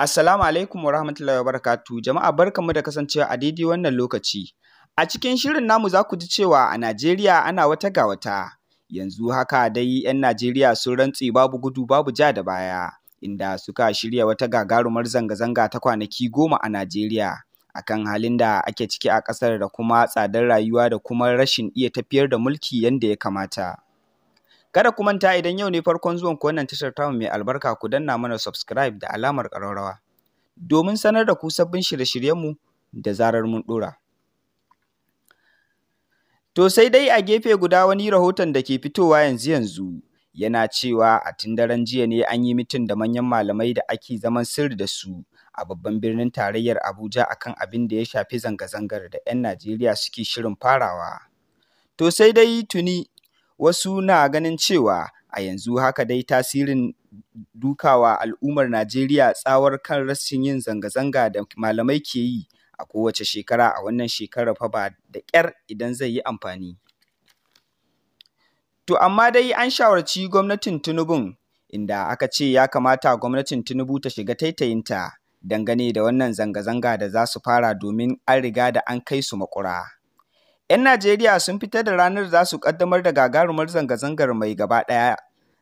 Assalamu alaikum wa rahmatullahi wa barakatu. Jama'a barkanmu da kasancewa a daidai wannan lokaci. A cikin shirin namu za ku ji cewa a Najeriya ana wata ga wata. Yanzu haka dai 'yan Najeriya sun rantse babu gudu babu ja da baya, inda suka shirya wata gagarumar zanga-zanga ta kwanaki goma a Najeriya. A kan halin da ake ciki a ƙasar da kuma tsadar rayuwa da kuma rashin iya tafiyar da mulki yadda ya kamata. Kada ku manta idan yau ne farkon zuwan ku wannan tashar tamu mai albarka ku danna mana subscribe da alamar ƙararrawa domin sanar da ku sabbin shirye-shiryenmu da zarar mun ɗora. To sai dai a gefe guda wani rahoton da ke fitowa yanzu yanzu yana cewa a tun daren jiya ne an yi mitin da manyan malamai da ake zaman sirri da su a babban birnin tarayyar Abuja akan abin da ya shafi zanga-zangar da 'yan Najeriya suke shirin farawa. To sai dai tuni Wasu na ganin cewa a yanzu haka dai tasirin dukawa al'ummar Najeriya tsawar kan rashin yin zanga-zanga da malamai ke yi a kowace shekara a wannan shekarar fa ba da ƙyar idan zai yi amfani. To amma dai an shawarci gwamnatin Tinubun inda aka ce ya kamata gwamnatin Tinubu ta shiga taitayinta dangane da wannan zanga-zanga da za su fara domin an riga da an kai su makura. 'Yan Najeriya sun fitar da ranar za su ƙaddamar da gagarumar zanga-zangar mai gaba ɗaya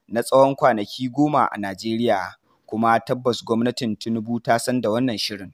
na tsawon kwanaki goma a Najeriya, kuma tabbas gwamnatin Tinubu ta san da wannan shirin.